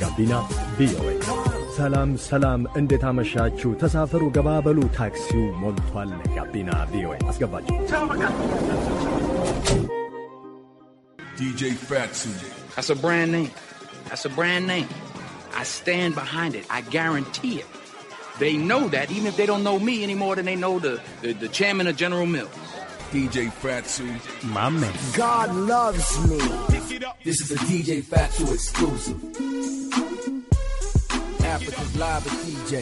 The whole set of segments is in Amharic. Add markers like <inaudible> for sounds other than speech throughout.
ጋቢና ቪኦኤ። ሰላም ሰላም፣ እንዴት አመሻችሁ? ተሳፈሩ፣ ገባበሉ፣ ታክሲው ሞልቷል። ጋቢና ቪኦኤ አስገባችሁ። DJ Fatso. That's a brand name. That's a brand name. I stand behind it. I guarantee it. They know that even if they don't know me any more than they know the, the, the chairman of General Mills. DJ Fatsu. My man. God loves me. it up. This is a DJ Factual exclusive. Africa's live DJ.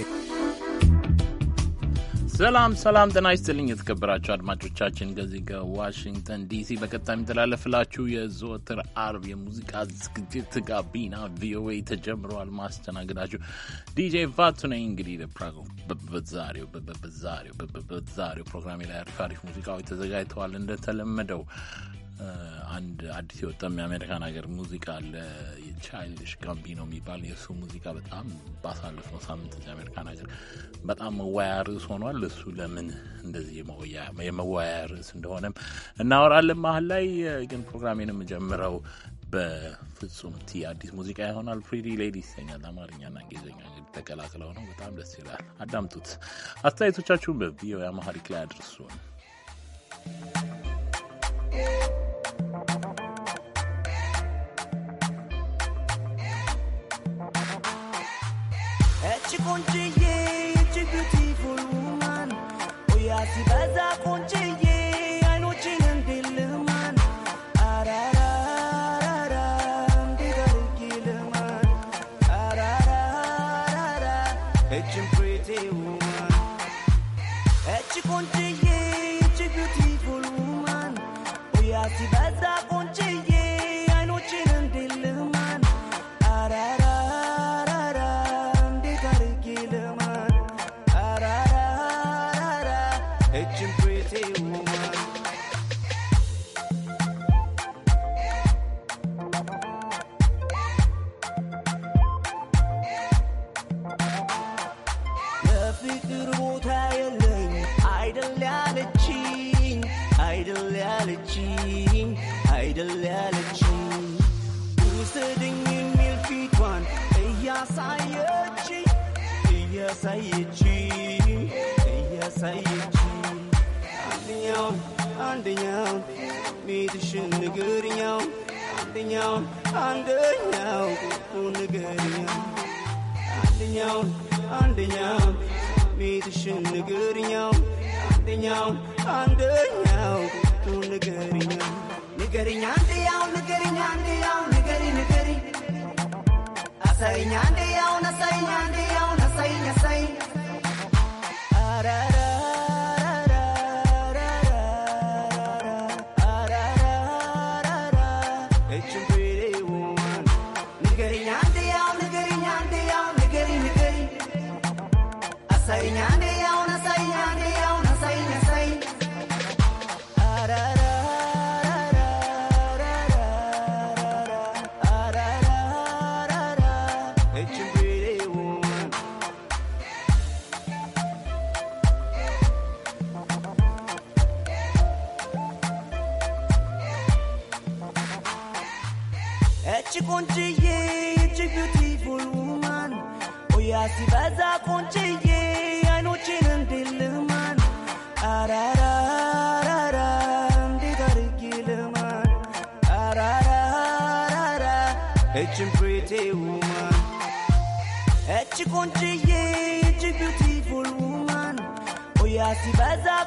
ሰላም ሰላም፣ ጤና ይስጥልኝ የተከበራችሁ አድማጮቻችን ከዚህ ከዋሽንግተን ዲሲ በቀጥታ የሚተላለፍላችሁ የዘወትር አርብ የሙዚቃ ዝግጅት ጋቢና ቪኦኤ ተጀምረዋል። ማስተናግዳችሁ ዲጄ ቫቱ ነኝ። እንግዲህ በዛሬው በዛሬው በዛሬው ፕሮግራሜ ላይ አሪፍ አሪፍ ሙዚቃዎች ተዘጋጅተዋል እንደተለመደው አንድ አዲስ የወጣም የአሜሪካን ሀገር ሙዚቃ አለ የቻይልድሽ ጋምቢኖ የሚባል የእሱ ሙዚቃ በጣም ባሳለፍነው ሳምንት የአሜሪካን ሀገር በጣም መወያያ ርዕስ ሆኗል። እሱ ለምን እንደዚህ የመወያያ ርዕስ እንደሆነም እናወራለን። መሀል ላይ ግን ፕሮግራሜን የምጀምረው በፍጹም ቲ አዲስ ሙዚቃ ይሆናል። ፍሪዲ ሌዲ ይሰኛል። አማርኛና እንግሊዝኛ ተቀላቅለው ነው። በጣም ደስ ይላል። አዳምጡት። አስተያየቶቻችሁን በቪኦኤ አማሪክ ላይ አድርሱን። She country, yeah, she beautiful woman. Oh yeah, she baza country. ቤትሽን ንግርኛው አንደኛውን አንደኛው ንገሪኛው አንደኛውን አንደኛው ቤትሽን ንግርኛው አንደኛውን አንደኛው ንገሪኛው ንገርኛ አንደኛው ንገሪኛ አንደኛው ንገሪ ንገሪ አሳይኛ አንደኛውን አሳይኛ አንደኛውን አሳይኛ Conchie, che beautiful woman. Oya si vas a conchie, anoche en dileman. Arara, arara, digarigilman. Arara, arara, etchin pretty woman. Etchi conchie, che beautiful woman. Oya si vas a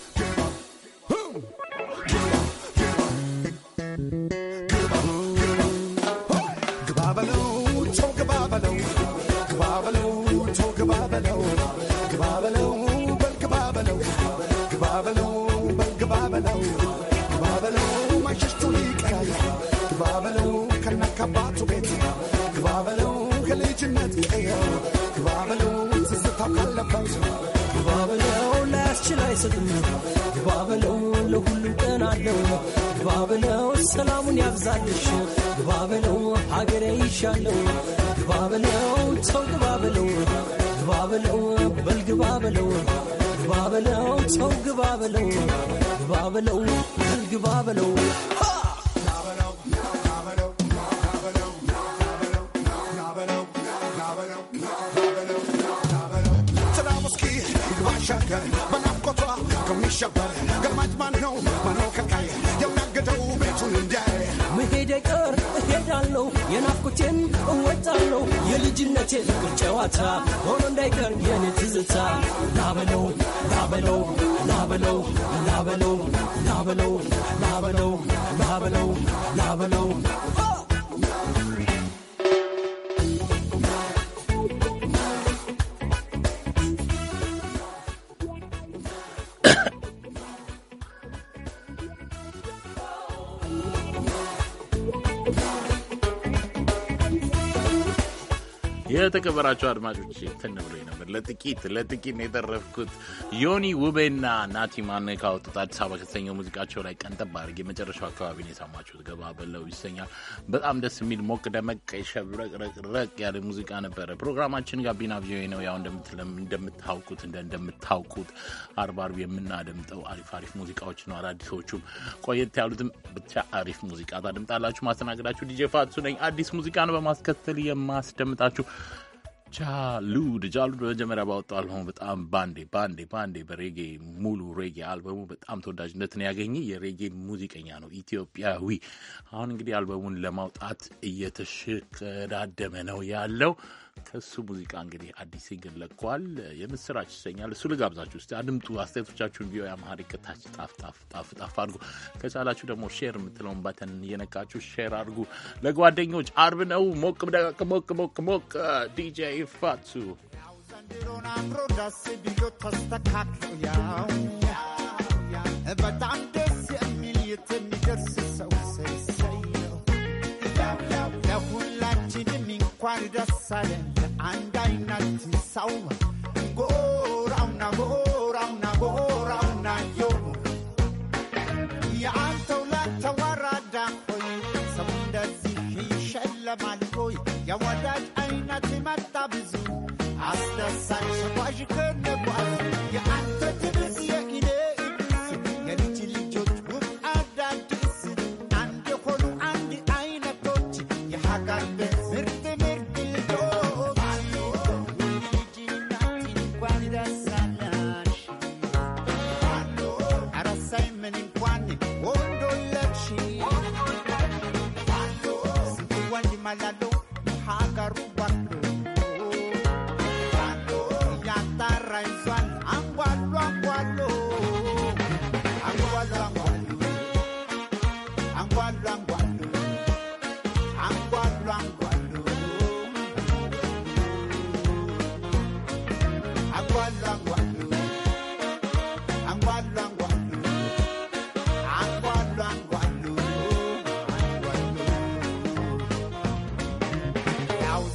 ግባበለው ከነከባቱ ቤት ግባበለው ከልጅነት ቀየው ግባበለው ትዝታው ካለበት ግባበለው ላያስችል አይሰጥም ግባበለው ለሁሉም ግባ አለው ግባበለው ሰላሙን ያብዛልሽ ግባ ሀገሬ ግባ ግባበለው በል ግባበለው ግባበለው ሲሸበር ገማች ማን ነው ማነው ከቃይ የሚያግደው ቤቱን እንዲያይ መሄደ ቀር እሄዳለሁ የናፍቆቴን እወጣለሁ የልጅነቴ ጨዋታ ሆኖ እንዳይቀር የኔ ትዝታ ላበለው ላበለው ላበለው ላበለው ላበለው ላበለው ላበለው ላበለው የተከበራቸው አድማጮች ትን ብሎ ነበር። ለጥቂት ለጥቂት ነው የተረፍኩት። ዮኒ ውቤና ናቲ ማነካ አዲስ አበባ ከተሰኘው ሙዚቃቸው ላይ ቀንጠብ አድርጌ የመጨረሻው አካባቢ ነው የሰማችሁት። ገባ በለው ይሰኛል። በጣም ደስ የሚል ሞቅ ደመቅ ሸብረቅረቅረቅ ያለ ሙዚቃ ነበረ። ፕሮግራማችን ጋቢና ቪኦኤ ነው። ያው እንደምታውቁት እንደምታውቁት አርባ አርብ የምናደምጠው አሪፍ አሪፍ ሙዚቃዎች ነው። አዳዲሶቹም ቆየት ያሉትም ብቻ አሪፍ ሙዚቃ ታደምጣላችሁ። ማስተናገዳችሁ ዲጄ ፋቱ ነኝ። አዲስ ነው በማስከተል የማስደምጣችሁ ጃሉድ ጃሉድ በመጀመሪያ ባወጣው አልበሙ በጣም ባንዴ ባንዴ ባንዴ በሬጌ ሙሉ ሬጌ አልበሙ በጣም ተወዳጅነትን ያገኘ የሬጌ ሙዚቀኛ ነው፣ ኢትዮጵያዊ። አሁን እንግዲህ አልበሙን ለማውጣት እየተሽቀዳደመ ነው ያለው። ከሱ ሙዚቃ እንግዲህ አዲስ ሲንግል ለቋል። የምስራች ይሰኛል። እሱ ልጋብዛችሁ ውስጥ አድምጡ። አስተያየቶቻችሁን ቪኦኤ አማርኛ ታች ጣፍ ጣፍ ጣፍ ጣፍ አድርጉ። ከቻላችሁ ደግሞ ሼር የምትለውን በተን እየነካችሁ ሼር አድርጉ ለጓደኞች። አርብ ነው። ሞቅ ደቅ ሞቅ ሞቅ ሞቅ ዲጄ ፋቱ በጣም ደስ የሚል የትንገርስ ሰው እንኳን ደስ አለን አንድ አይነት ሰው ጎራውና ጎራውና ጎራውና ዮ የአንተው ላተዋራዳ ሆይ ሰው እንደዚህ ይሸለማል ሆይ የወዳጅ አይነት መጣ ብዙ አስደሳች ሸጓዥ ክንጓዝ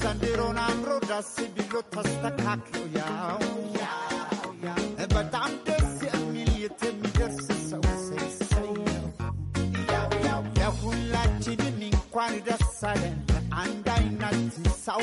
ዘንድሮን አምሮ ዳስ ብሎ ተስተካክሎ ያው በጣም ደስ የሚል የት የሚደርስ ሰው ሰሰው ለሁላችንም እንኳን ደስ አለን አንድ አይነት ሰው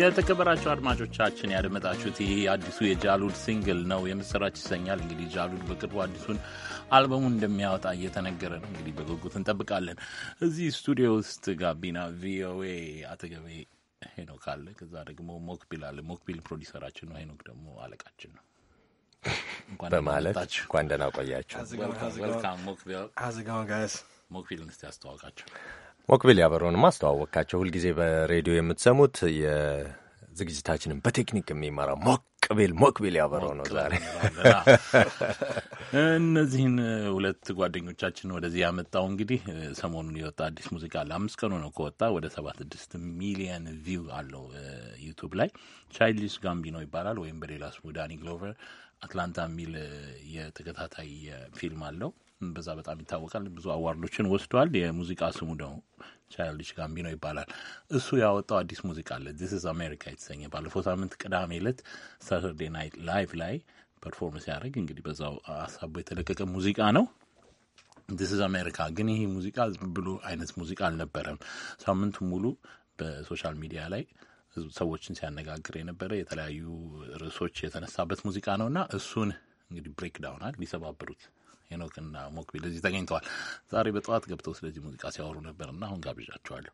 የተከበራቸው አድማጮቻችን ያደመጣችሁት ይህ አዲሱ የጃሉድ ሲንግል ነው፣ የምስራች ይሰኛል። እንግዲህ ጃሉድ በቅርቡ አዲሱን አልበሙን እንደሚያወጣ እየተነገረ ነው። እንግዲህ በጉጉት እንጠብቃለን። እዚህ ስቱዲዮ ውስጥ ጋቢና ቪኦኤ አጠገቤ ሄኖክ አለ። ከዛ ደግሞ ሞክቢል አለ። ሞክቢል ፕሮዲሰራችን ነው። ሄኖክ ደግሞ አለቃችን ነው በማለት እንኳን ደህና ቆያችሁ። ሞክቢል ንስቲ አስተዋውቃቸው። ሞክቢል ያበሮን ማስተዋወቅካቸው ሁልጊዜ በሬዲዮ የምትሰሙት የዝግጅታችንን በቴክኒክ የሚመራ ሞክቢል ሞክቢል ያበረው ነው። ዛሬ እነዚህን ሁለት ጓደኞቻችን ወደዚህ ያመጣው እንግዲህ ሰሞኑን የወጣ አዲስ ሙዚቃ ለአምስት ቀኑ ነው ከወጣ ወደ ሰባ ስድስት ሚሊየን ቪው አለው ዩቱብ ላይ። ቻይልዲሽ ጋምቢኖ ይባላል ወይም በሌላ ስሙ ዳኒ ግሎቨር አትላንታ የሚል የተከታታይ ፊልም አለው በዛ በጣም ይታወቃል። ብዙ አዋርዶችን ወስዷል። የሙዚቃ ስሙ ደግሞ ቻይልዲሽ ጋምቢኖ ይባላል። እሱ ያወጣው አዲስ ሙዚቃ አለ ዚስ ኢዝ አሜሪካ የተሰኘ ባለፈው ሳምንት ቅዳሜ ዕለት ሳተርዴ ናይት ላይቭ ላይ ፐርፎርመንስ ያደረግ እንግዲህ በዛው ሀሳቡ የተለቀቀ ሙዚቃ ነው። ዚስ ኢዝ አሜሪካ ግን ይህ ሙዚቃ ብሎ አይነት ሙዚቃ አልነበረም። ሳምንቱ ሙሉ በሶሻል ሚዲያ ላይ ሰዎችን ሲያነጋግር የነበረ የተለያዩ ርዕሶች የተነሳበት ሙዚቃ ነው እና እሱን እንግዲህ ብሬክ ዳውናል ሊሰባብሩት ሄኖክና ሞክቢል እዚህ ተገኝተዋል። ዛሬ በጠዋት ገብተው ስለዚህ ሙዚቃ ሲያወሩ ነበር እና አሁን ጋብዣቸዋለሁ።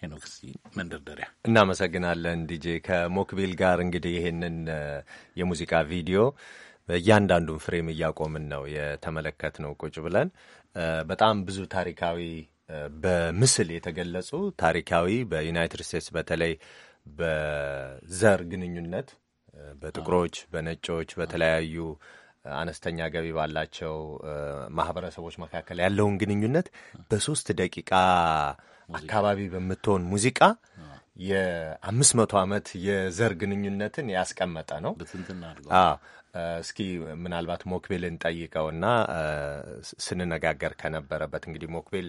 ሄኖክ እስቲ መንደርደሪያ። እናመሰግናለን ዲጄ ከሞክቢል ጋር እንግዲህ ይሄንን የሙዚቃ ቪዲዮ እያንዳንዱን ፍሬም እያቆምን ነው የተመለከት ነው ቁጭ ብለን በጣም ብዙ ታሪካዊ በምስል የተገለጹ ታሪካዊ በዩናይትድ ስቴትስ በተለይ በዘር ግንኙነት በጥቁሮች፣ በነጮች፣ በተለያዩ አነስተኛ ገቢ ባላቸው ማህበረሰቦች መካከል ያለውን ግንኙነት በሶስት ደቂቃ አካባቢ በምትሆን ሙዚቃ የአምስት መቶ ዓመት የዘር ግንኙነትን ያስቀመጠ ነው። እስኪ ምናልባት ሞክቤልን ጠይቀውና ስንነጋገር ከነበረበት እንግዲህ ሞክቤል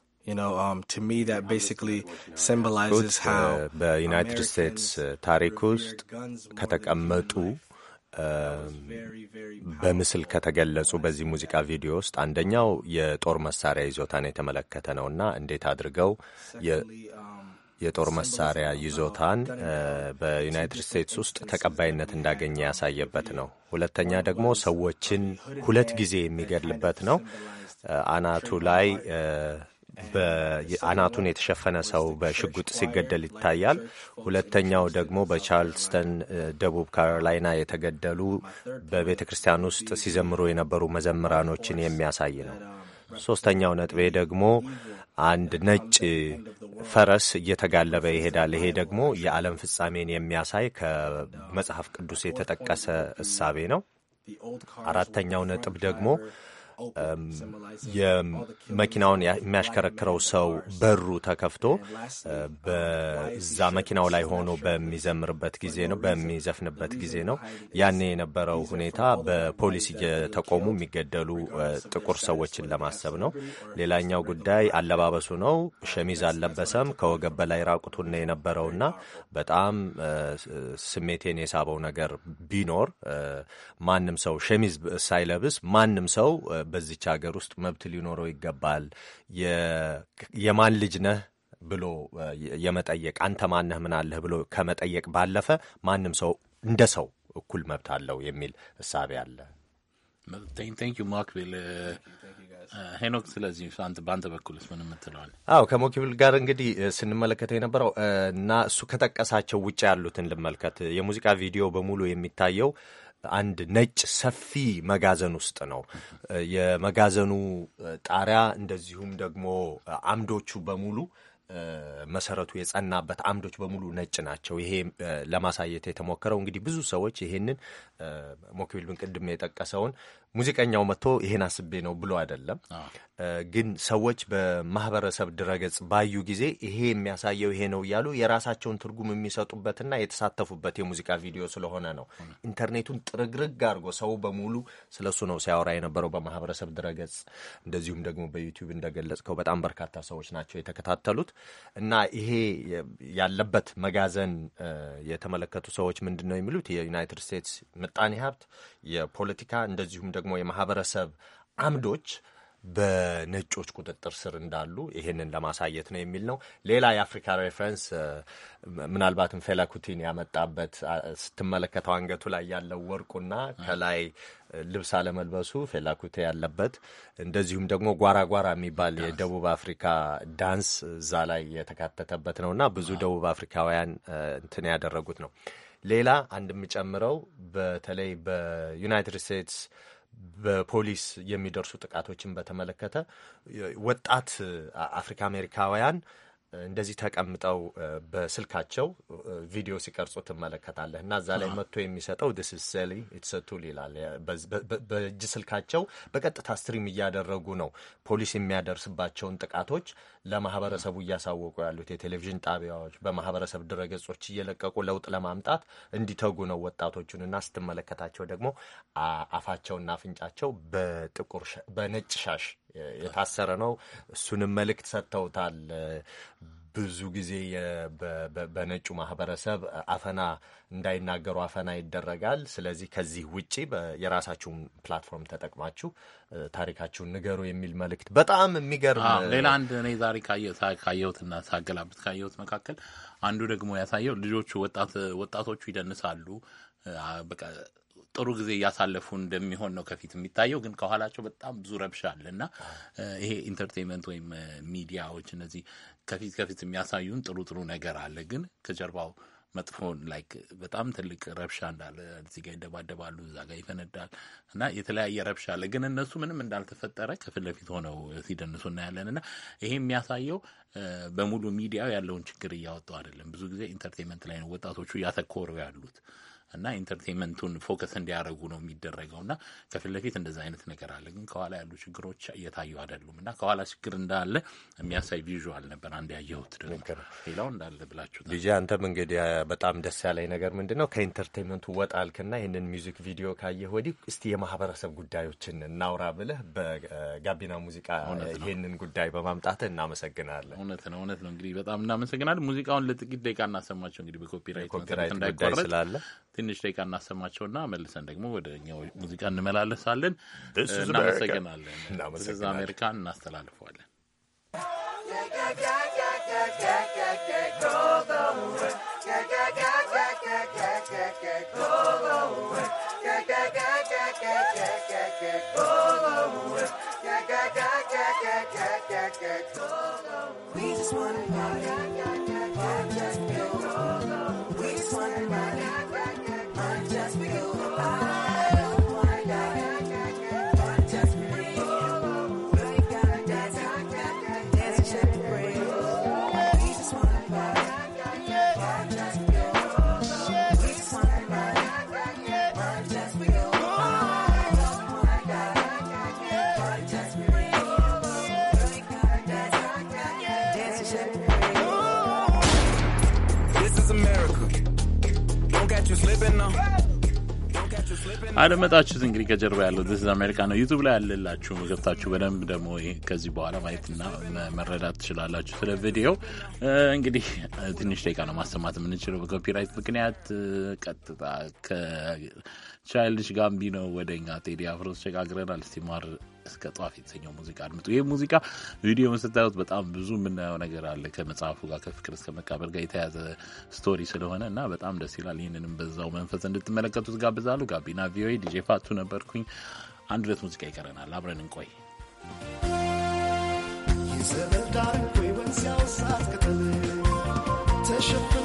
በዩናይትድ ስቴትስ ታሪክ ውስጥ ከተቀመጡ በምስል ከተገለጹ በዚህ ሙዚቃ ቪዲዮ ውስጥ አንደኛው የጦር መሳሪያ ይዞታን የተመለከተ ነውና እንዴት አድርገው um, የጦር መሳሪያ ይዞታን uh, በዩናይትድ ስቴትስ ውስጥ ተቀባይነት እንዳገኘ um, ያሳየበት ነው። ሁለተኛ ደግሞ ሰዎችን ሁለት ጊዜ የሚገድልበት ነው። uh, አናቱ ላይ አናቱን የተሸፈነ ሰው በሽጉጥ ሲገደል ይታያል። ሁለተኛው ደግሞ በቻርልስተን ደቡብ ካሮላይና የተገደሉ በቤተ ክርስቲያን ውስጥ ሲዘምሩ የነበሩ መዘምራኖችን የሚያሳይ ነው። ሶስተኛው ነጥቤ ደግሞ አንድ ነጭ ፈረስ እየተጋለበ ይሄዳል። ይሄ ደግሞ የዓለም ፍጻሜን የሚያሳይ ከመጽሐፍ ቅዱስ የተጠቀሰ እሳቤ ነው። አራተኛው ነጥብ ደግሞ የመኪናውን የሚያሽከረክረው ሰው በሩ ተከፍቶ uh, በዛ uh, መኪናው ላይ ሆኖ በሚዘምርበት ጊዜ ነው፣ በሚዘፍንበት ጊዜ ነው። ያኔ የነበረው ሁኔታ በፖሊስ እየተቆሙ የሚገደሉ ጥቁር ሰዎችን ለማሰብ ነው። ሌላኛው ጉዳይ አለባበሱ ነው። ሸሚዝ አልለበሰም። ከወገብ በላይ ራቁቱን ነው የነበረውና በጣም ስሜቴን የሳበው ነገር ቢኖር ማንም ሰው ሸሚዝ ሳይለብስ ማንም ሰው በዚች ሀገር ውስጥ መብት ሊኖረው ይገባል። የማን ልጅ ነህ ብሎ የመጠየቅ አንተ ማነህ ምን አለህ ብሎ ከመጠየቅ ባለፈ ማንም ሰው እንደ ሰው እኩል መብት አለው የሚል እሳቤ አለ። ንዩ ሄኖክ፣ uh, uh, ስለዚህ በአንተ በኩል ምን ምትለዋል? አዎ ከሞኪብል ጋር እንግዲህ ስንመለከተው የነበረው uh, እና እሱ ከጠቀሳቸው ውጭ ያሉትን ልመልከት። የሙዚቃ ቪዲዮ በሙሉ የሚታየው አንድ ነጭ ሰፊ መጋዘን ውስጥ ነው። የመጋዘኑ ጣሪያ እንደዚሁም ደግሞ አምዶቹ በሙሉ መሰረቱ የጸናበት አምዶች በሙሉ ነጭ ናቸው። ይሄ ለማሳየት የተሞከረው እንግዲህ ብዙ ሰዎች ይሄንን ሞክቢል ብን ቅድም የጠቀሰውን ሙዚቀኛው መጥቶ ይሄን አስቤ ነው ብሎ አይደለም፣ ግን ሰዎች በማህበረሰብ ድረገጽ ባዩ ጊዜ ይሄ የሚያሳየው ይሄ ነው እያሉ የራሳቸውን ትርጉም የሚሰጡበትና የተሳተፉበት የሙዚቃ ቪዲዮ ስለሆነ ነው። ኢንተርኔቱን ጥርግርግ አድርጎ ሰው በሙሉ ስለሱ ነው ሲያወራ የነበረው በማህበረሰብ ድረገጽ፣ እንደዚሁም ደግሞ በዩቲዩብ እንደገለጽከው በጣም በርካታ ሰዎች ናቸው የተከታተሉት እና ይሄ ያለበት መጋዘን የተመለከቱ ሰዎች ምንድን ነው የሚሉት የዩናይትድ ስቴትስ ምጣኔ ሀብት የፖለቲካ እንደዚሁም ደግሞ የማህበረሰብ አምዶች በነጮች ቁጥጥር ስር እንዳሉ ይህንን ለማሳየት ነው የሚል ነው። ሌላ የአፍሪካ ሬፈረንስ ምናልባትም ፌላኩቲን ያመጣበት ስትመለከተው አንገቱ ላይ ያለው ወርቁና ከላይ ልብስ አለመልበሱ ፌላኩቴ ያለበት እንደዚሁም ደግሞ ጓራ ጓራ የሚባል የደቡብ አፍሪካ ዳንስ እዛ ላይ የተካተተበት ነውና ብዙ ደቡብ አፍሪካውያን እንትን ያደረጉት ነው። ሌላ አንድ የምጨምረው በተለይ በዩናይትድ ስቴትስ በፖሊስ የሚደርሱ ጥቃቶችን በተመለከተ ወጣት አፍሪካ አሜሪካውያን እንደዚህ ተቀምጠው በስልካቸው ቪዲዮ ሲቀርጹ ትመለከታለህ እና እዛ ላይ መጥቶ የሚሰጠው ድስሰሊ ትሰቱል ይላል። በእጅ ስልካቸው በቀጥታ ስትሪም እያደረጉ ነው ፖሊስ የሚያደርስባቸውን ጥቃቶች ለማህበረሰቡ እያሳወቁ ያሉት የቴሌቪዥን ጣቢያዎች በማህበረሰብ ድረገጾች እየለቀቁ ለውጥ ለማምጣት እንዲተጉ ነው ወጣቶቹን እና ስትመለከታቸው ደግሞ አፋቸውና አፍንጫቸው በጥቁር በነጭ ሻሽ የታሰረ ነው። እሱንም መልእክት ሰጥተውታል። ብዙ ጊዜ በነጩ ማህበረሰብ አፈና እንዳይናገሩ አፈና ይደረጋል። ስለዚህ ከዚህ ውጪ የራሳችሁን ፕላትፎርም ተጠቅማችሁ ታሪካችሁን ንገሩ የሚል መልእክት በጣም የሚገርም ሌላ አንድ እኔ ዛሬ ካየሁትና ሳገላብት ካየሁት መካከል አንዱ ደግሞ ያሳየው ልጆቹ ወጣቶቹ ይደንሳሉ በቃ ጥሩ ጊዜ እያሳለፉ እንደሚሆን ነው ከፊት የሚታየው። ግን ከኋላቸው በጣም ብዙ ረብሻ አለ እና ይሄ ኢንተርቴንመንት ወይም ሚዲያዎች እነዚህ ከፊት ከፊት የሚያሳዩን ጥሩ ጥሩ ነገር አለ፣ ግን ከጀርባው መጥፎን ላይክ በጣም ትልቅ ረብሻ እንዳለ እዚህ ጋር ይደባደባሉ፣ እዛ ጋር ይፈነዳል እና የተለያየ ረብሻ አለ። ግን እነሱ ምንም እንዳልተፈጠረ ከፊት ለፊት ሆነው ሲደንሱ እናያለን እና ይሄ የሚያሳየው በሙሉ ሚዲያው ያለውን ችግር እያወጣው አይደለም። ብዙ ጊዜ ኢንተርቴንመንት ላይ ነው ወጣቶቹ እያተኮሩ ያሉት። እና ኢንተርቴንመንቱን ፎከስ እንዲያደርጉ ነው የሚደረገው እና ከፊት ለፊት እንደዚ አይነት ነገር አለ፣ ግን ከኋላ ያሉ ችግሮች እየታዩ አይደሉም እና ከኋላ ችግር እንዳለ የሚያሳይ ቪዥዋል ነበር። አንድ ያየሁት ደግሞ ሌላው እንዳለ ብላችሁ ልጅ አንተም እንግዲህ በጣም ደስ ያለኝ ነገር ምንድን ነው ከኢንተርቴንመንቱ ወጣልክና ይህንን ሚውዚክ ቪዲዮ ካየህ ወዲህ እስቲ የማህበረሰብ ጉዳዮችን እናውራ ብለህ በጋቢና ሙዚቃ ይህንን ጉዳይ በማምጣት እናመሰግናለን። እውነት ነው፣ እውነት ነው። እንግዲህ በጣም እናመሰግናለን። ሙዚቃውን ለጥቂት ደቂቃ እናሰማቸው እንግዲህ በኮፒራይት ጉዳይ ስላለ ትንሽ ደቂቃ እናሰማቸውና መልሰን ደግሞ ወደ እኛው ሙዚቃ እንመላለሳለን። እናመሰግናለን። አሜሪካን እናስተላልፈዋለን። አደመጣችሁት። እንግዲህ ከጀርባ ያለው ዲስ አሜሪካ ነው ዩቱብ ላይ ያለላችሁ ገብታችሁ በደንብ ደግሞ ከዚህ በኋላ ማየትና መረዳት ትችላላችሁ። ስለ ቪዲዮ እንግዲህ ትንሽ ደቂቃ ነው ማሰማት የምንችለው በኮፒራይት ምክንያት። ቀጥታ ከቻይልድሽ ጋምቢ ነው ወደ እኛ ቴዲ አፍሮ ተሸጋግረናል። ስቲማር እስከ ጧፍ የተሰኘው ሙዚቃ አድምጡ። ይህ ሙዚቃ ቪዲዮ ስታዩት በጣም ብዙ የምናየው ነገር አለ ከመጽሐፉ ጋር ከፍቅር እስከ መቃብር ጋር የተያዘ ስቶሪ ስለሆነ እና በጣም ደስ ይላል። ይህንንም በዛው መንፈስ እንድትመለከቱት ጋብዛሉ። ጋቢና ቪኦኤ ዲጄ ፋቱ ነበርኩኝ። አንድ ሁለት ሙዚቃ ይቀረናል። አብረን እንቆይ። It's a little dark, ተሸፈ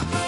Oh. <laughs>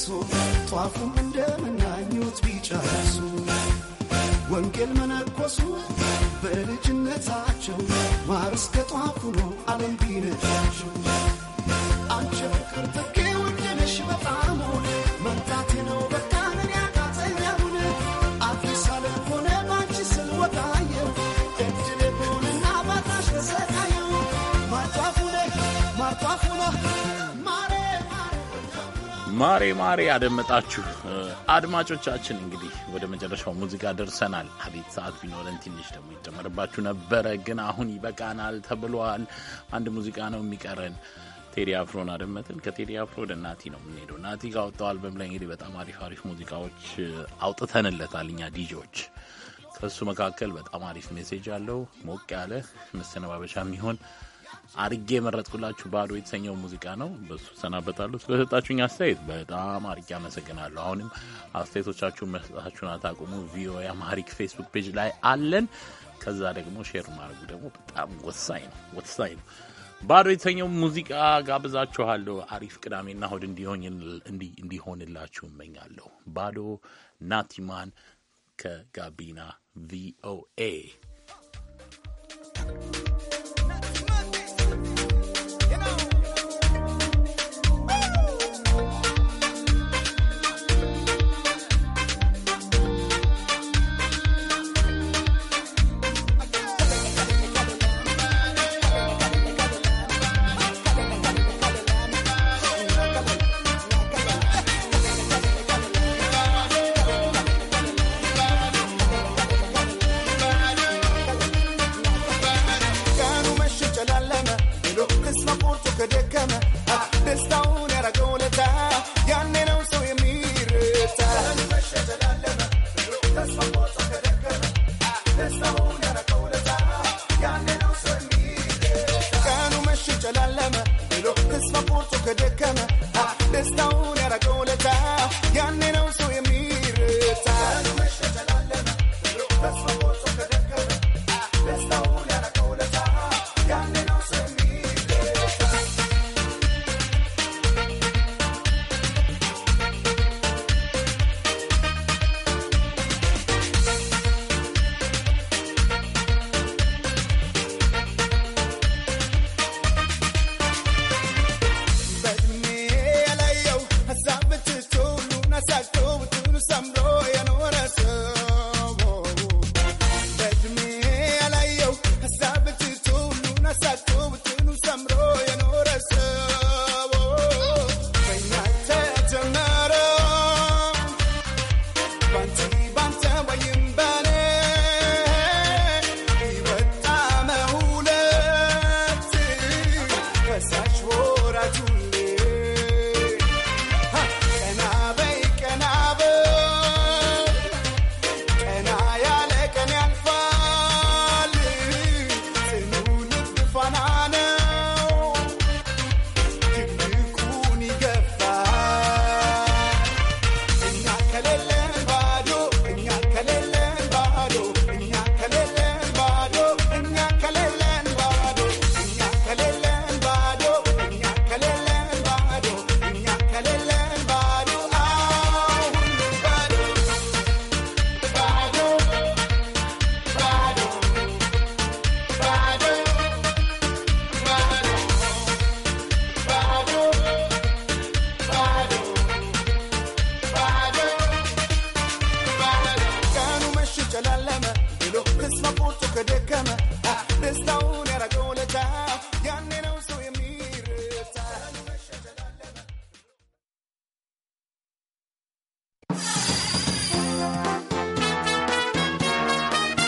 ይድረሱ ጧፉም እንደመናኙት ቢጨርሱ ወንጌል መነኮሱ በልጅነታቸው ማር እስከ ጧፉ ነው ዓለም ቢነዳቸው ማሬ ማሬ ያደመጣችሁ አድማጮቻችን፣ እንግዲህ ወደ መጨረሻው ሙዚቃ ደርሰናል። አቤት ሰዓት ቢኖረን ትንሽ ደግሞ ይጨመርባችሁ ነበረ፣ ግን አሁን ይበቃናል ተብሏል። አንድ ሙዚቃ ነው የሚቀረን። ቴዲ አፍሮን አደመጥን። ከቴዲ አፍሮ ወደ ናቲ ነው የምንሄደው። ናቲ ካወጣው አልበም ላይ እንግዲህ በጣም አሪፍ አሪፍ ሙዚቃዎች አውጥተንለታል እኛ ዲጆች። ከእሱ መካከል በጣም አሪፍ ሜሴጅ አለው ሞቅ ያለ መሰነባበሻ የሚሆን አርጌ የመረጥኩላችሁ ባዶ የተሰኘው ሙዚቃ ነው። በሱ ሰናበታለሁ። ስለሰጣችሁኝ አስተያየት በጣም አርጌ አመሰግናለሁ። አሁንም አስተያየቶቻችሁን መስጠታችሁን አታቁሙ። ቪኦኤ አማሪክ ፌስቡክ ፔጅ ላይ አለን። ከዛ ደግሞ ሼር ማድረጉ ደግሞ በጣም ወሳኝ ነው ወሳኝ ነው። ባዶ የተሰኘው ሙዚቃ ጋብዛችኋለሁ። አሪፍ ቅዳሜና እሁድ እንዲሆንላችሁ እመኛለሁ። ባዶ ናቲማን ከጋቢና ቪኦኤ